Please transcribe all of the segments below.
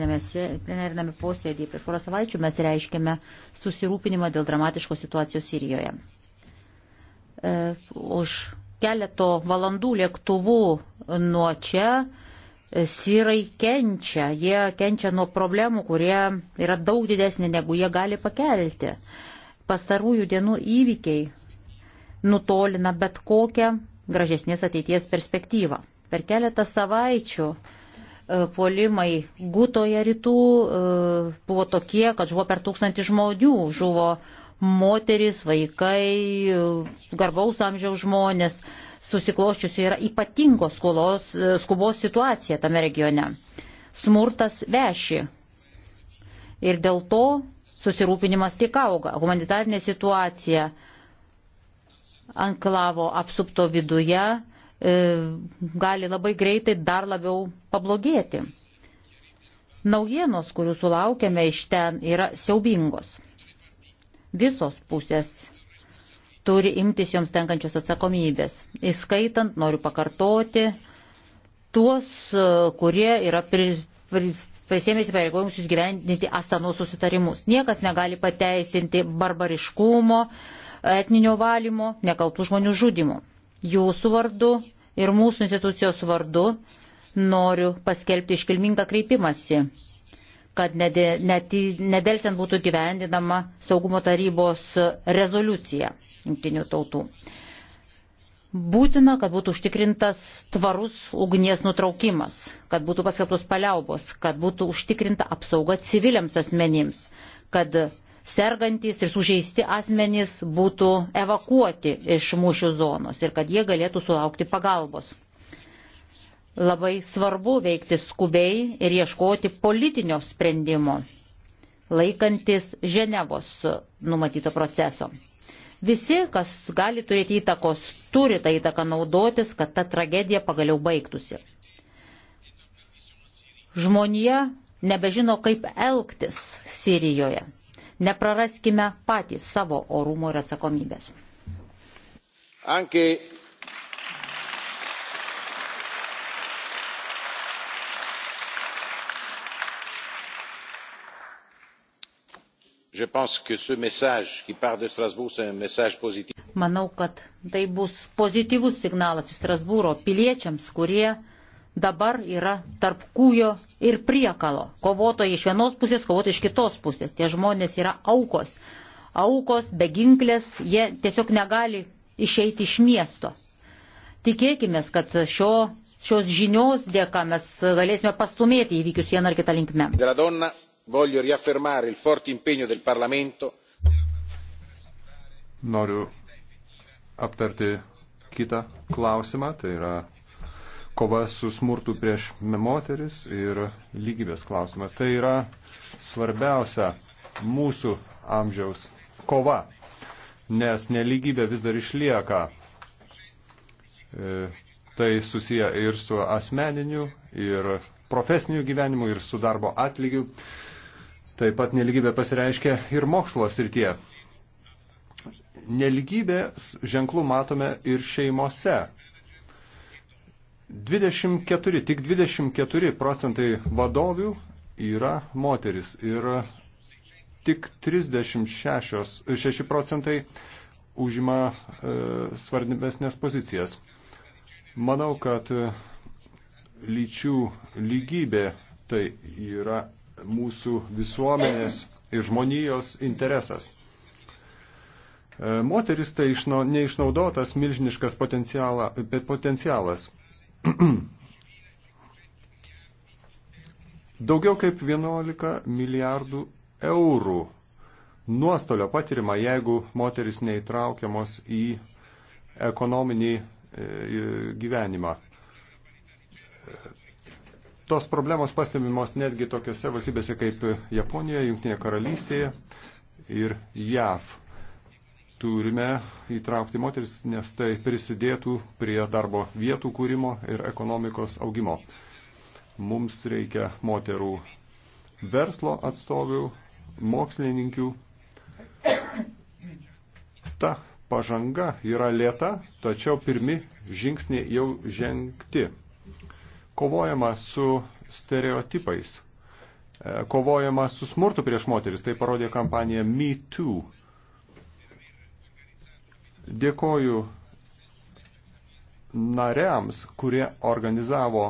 plenariname posėdėje prieš porą savaičių mes reiškėme susirūpinimą dėl dramatiškos situacijos Sirijoje. E, už keleto valandų lėktuvų nuo čia e, Sirai kenčia, jie kenčia nuo problemų, kurie yra daug didesnė, negu jie gali pakelti. Pastarųjų dienų įvykiai nutolina bet kokią gražesnės ateities perspektyvą. Per keletą savaičių uh, E, puolimai Gutoje rytų e, buvo tokie, kad žuvo per tūkstantį žmonių, žuvo moteris, vaikai, e, garbaus amžiaus žmonės, susikloščiusi yra ypatingos skolos, skubos situacija tame regione. Smurtas veši. Ir dėl to susirūpinimas tik auga. Humanitarinė situacija anklavo apsupto viduje E, gali labai greitai dar labiau pablogėti. Naujienos, kurių sulaukėme iš ten, yra siaubingos. Visos pusės turi imtis joms tenkančios atsakomybės. Įskaitant, noriu pakartoti, tuos, e, kurie yra pri, pri, prisėmėsi pareigojimus išgyvendinti Astanos susitarimus. Niekas negali pateisinti barbariškumo, etninio valymo, nekaltų žmonių žudimo jūsų vardu ir mūsų institucijos vardu noriu paskelbti iškilmingą kreipimąsi, kad nedelsiant būtų gyvendinama saugumo tarybos rezoliucija jungtinių tautų. Būtina, kad būtų užtikrintas tvarus ugnies nutraukimas, kad būtų paskelbtos paliaubos, kad būtų užtikrinta apsauga civiliams asmenims, kad sergantis ir sužeisti asmenys būtų evakuoti iš mūšių zonos ir kad jie galėtų sulaukti pagalbos. Labai svarbu veikti skubiai ir ieškoti politinio sprendimo, laikantis Ženevos numatyto proceso. Visi, kas gali turėti įtakos, turi tą įtaką naudotis, kad ta tragedija pagaliau baigtųsi. Žmonija nebežino, kaip elgtis Sirijoje. Nepraraskime patys savo orumo ir atsakomybės. Anche je pense que ce message qui part de Strasbourg, c'est un message positif. Manau, kad tai bus pozityvus signalas iš Strasbūro piliečiams, kurie dabar yra tarp kūjo ir priekalo. Kovotojai iš vienos pusės, kovotojai iš kitos pusės. Tie žmonės yra aukos. Aukos, beginklės, jie tiesiog negali išeiti iš miesto. Tikėkime, kad šio, šios žinios dėka mes galėsime pastumėti įvykius vieną ar kitą linkmę. Noriu aptarti kitą klausimą, tai yra kova su smurtu prieš moteris ir lygybės klausimas. Tai yra svarbiausia mūsų amžiaus kova, nes neligybė vis dar išlieka. E, tai susiję ir su asmeniniu, ir profesiniu gyvenimu, ir su darbo atlygiu. Taip pat neligybė pasireiškia ir mokslo srityje. Neligybės ženklų matome ir šeimose. 24, tik 24 procentai vadovių yra moteris ir tik 36 procentai užima e, svarbesnės pozicijas. Manau, kad e, lyčių lygybė tai yra mūsų visuomenės ir žmonijos interesas. E, moteris tai išna, neišnaudotas milžiniškas potencialas Daugiau kaip 11 milijardų eurų nuostolio patirima, jeigu moteris neįtraukiamos į ekonominį e, gyvenimą. Tos problemos pastebimos netgi tokiose valstybėse kaip Japonija, Junktinė karalystėje ir JAV turime įtraukti moteris, nes tai prisidėtų prie darbo vietų kūrimo ir ekonomikos augimo. Mums reikia moterų verslo atstovių, mokslininkių. Ta pažanga yra lėta, tačiau pirmi žingsniai jau žengti. Kovojama su stereotipais, kovojama su smurtu prieš moteris, tai parodė kampanija Me Too Dėkoju nariams, kurie organizavo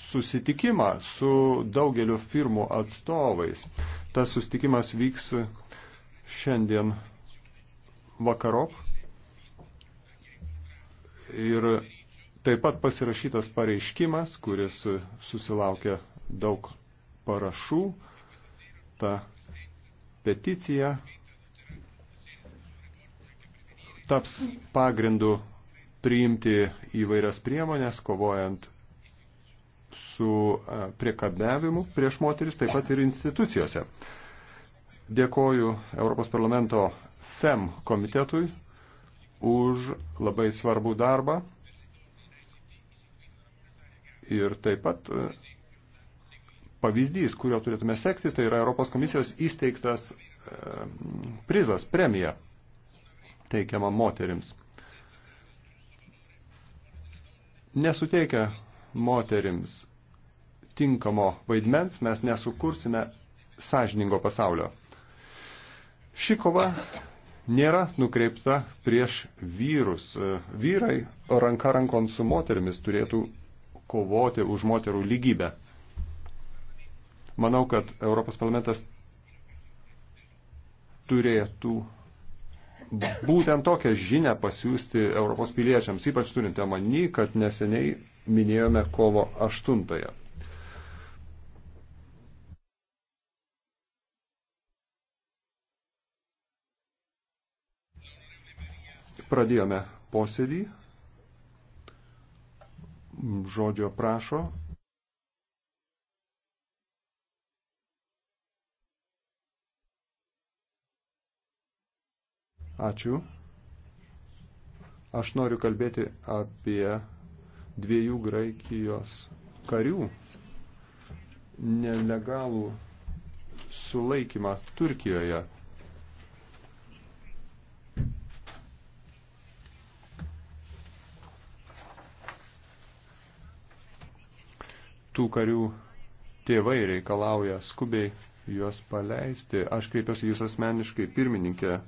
susitikimą su daugeliu firmų atstovais. Tas susitikimas vyks šiandien vakarop. Ir taip pat pasirašytas pareiškimas, kuris susilaukė daug parašų. Ta peticija taps pagrindu priimti įvairias priemonės, kovojant su e, priekabiavimu prieš moteris, taip pat ir institucijose. Dėkoju Europos parlamento FEM komitetui už labai svarbų darbą ir taip pat e, pavyzdys, kurio turėtume sekti, tai yra Europos komisijos įsteigtas e, prizas, premija teikiama moterims. Nesuteikia moterims tinkamo vaidmens mes nesukursime sąžiningo pasaulio. Ši kova nėra nukreipta prieš vyrus. Vyrai ranka rankon su moterimis turėtų kovoti už moterų lygybę. Manau, kad Europos parlamentas turėtų būtent tokią žinę pasiūsti Europos piliečiams, ypač turint omeny, kad neseniai minėjome kovo 8-ąją. Pradėjome posėdį. Žodžio prašo Ačiū. Aš noriu kalbėti apie dviejų Graikijos karių nelegalų sulaikymą Turkijoje. Tų karių tėvai reikalauja skubiai juos paleisti. Aš kreipiuosi jūs asmeniškai, pirmininkė,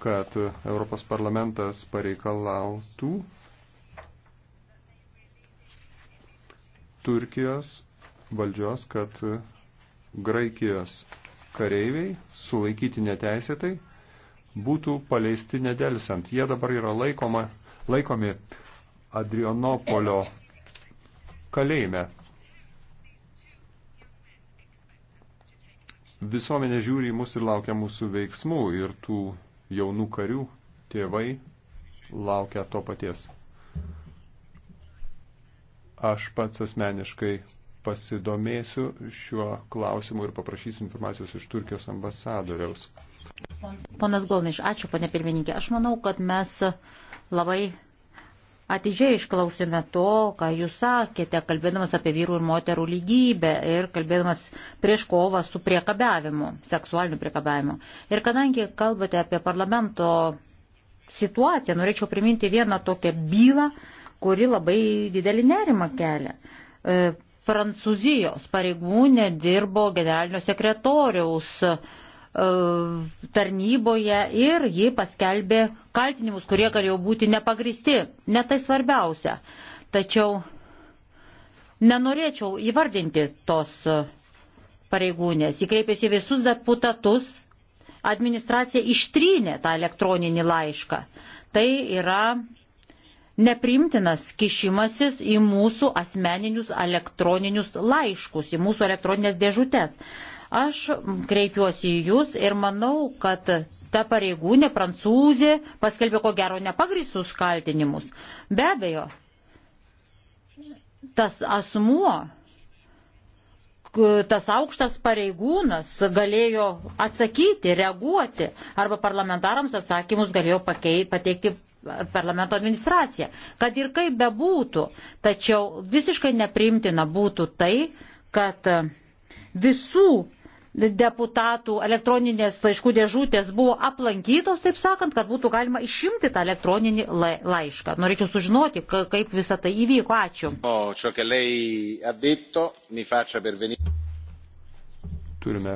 kad Europos parlamentas pareikalautų Turkijos valdžios, kad Graikijos kareiviai sulaikyti neteisėtai būtų paleisti nedelsant. Jie dabar yra laikoma, laikomi Adrianopolio kalėjime. Visuomenė žiūri į mus ir laukia mūsų veiksmų ir tų jaunų karių tėvai laukia to paties. Aš pats asmeniškai pasidomėsiu šiuo klausimu ir paprašysiu informacijos iš Turkijos ambasadoriaus. Ponas Golniš, ačiū, ponė pirmininkė. Aš manau, kad mes labai Atidžiai išklausėme to, ką jūs sakėte, kalbėdamas apie vyrų ir moterų lygybę ir kalbėdamas prieš kovą su priekabiavimu, seksualiniu priekabiavimu. Ir kadangi kalbate apie parlamento situaciją, norėčiau priminti vieną tokią bylą, kuri labai didelį nerimą kelia. E, Prancūzijos pareigūnė dirbo generalinio sekretoriaus uh, E, tarnyboje ir ji paskelbė kaltinimus, kurie galėjo būti nepagristi. Netai svarbiausia. Tačiau nenorėčiau įvardinti tos e, pareigūnės. Ji kreipėsi visus deputatus, administracija ištrynė tą elektroninį laišką. Tai yra neprimtinas kišimasis į mūsų asmeninius elektroninius laiškus, į mūsų elektroninės dėžutės. Aš kreipiuosi į Jūs ir manau, kad ta pareigūnė prancūzė paskelbė ko gero nepagristus kaltinimus. Be abejo, tas asmuo, tas aukštas pareigūnas galėjo atsakyti, reaguoti arba parlamentarams atsakymus galėjo pakei, pateikti parlamento administracija. Kad ir kaip bebūtų, tačiau visiškai neprimtina būtų tai, kad visų deputatų elektroninės laiškų dėžutės buvo aplankytos, taip sakant, kad būtų galima išimti tą elektroninį laišką. Norėčiau sužinoti, kaip visa tai įvyko. Ačiū. Turime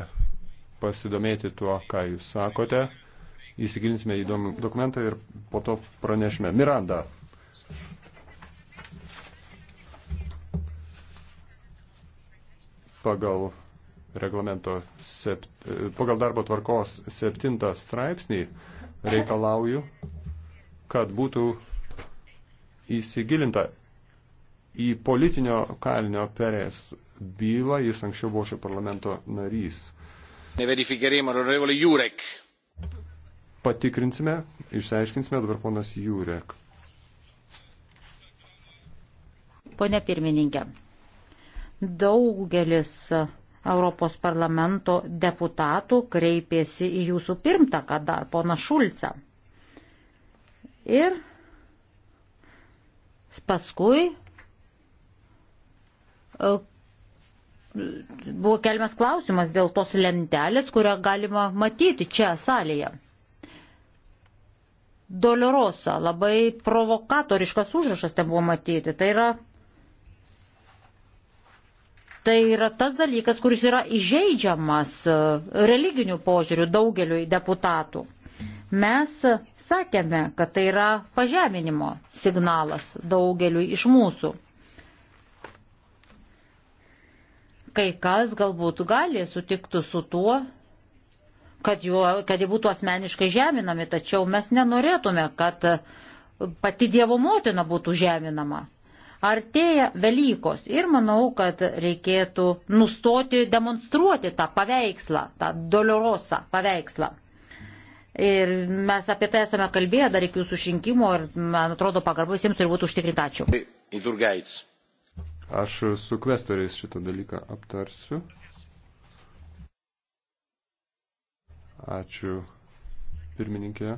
pasidomėti tuo, ką jūs sakote. Įsigilinsime į dokumentą ir po to pranešime. Miranda. Pagal reglamento, sept, pagal darbo tvarkos septintą straipsnį reikalauju, kad būtų įsigilinta į politinio kalinio perės bylą, jis anksčiau buvo šio parlamento narys. Patikrinsime, išsiaiškinsime dabar ponas Jurek. Pone pirmininkė, daugelis Europos parlamento deputatų kreipėsi į jūsų pirmtaką dar pona Šulcą. Ir paskui e, buvo kelmas klausimas dėl tos lentelės, kurią galima matyti čia salėje. Dolorosa, labai provokatoriškas užrašas ten buvo matyti. Tai yra Tai yra tas dalykas, kuris yra įžeidžiamas e, religinių požiūrių daugeliui deputatų. Mes sakėme, kad tai yra pažeminimo signalas daugeliui iš mūsų. Kai kas galbūt gali sutikti su tuo, kad, juo, kad jie būtų asmeniškai žeminami, tačiau mes nenorėtume, kad pati Dievo motina būtų žeminama. Artėja Velykos ir manau, kad reikėtų nustoti demonstruoti tą paveikslą, tą dolorosą paveikslą. Ir mes apie tai esame kalbėję dar iki jūsų išrinkimo ir, man atrodo, pagarba visiems turi būti užtikrinta. Ačiū. Aš su kvestoriais šitą dalyką aptarsiu. Ačiū, pirmininkė.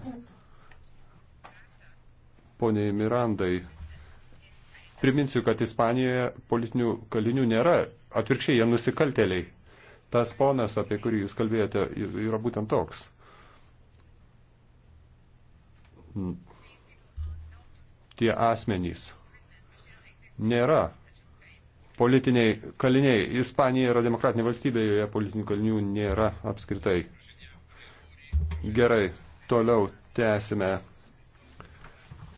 Poniai Mirandai, Priminsiu, kad Ispanijoje politinių kalinių nėra, atvirkščiai jie nusikalteliai. Tas ponas, apie kurį jūs kalbėjote, yra būtent toks. Tie asmenys nėra politiniai kaliniai. Ispanija yra demokratinė valstybė, joje politinių kalinių nėra apskritai. Gerai, toliau tęsime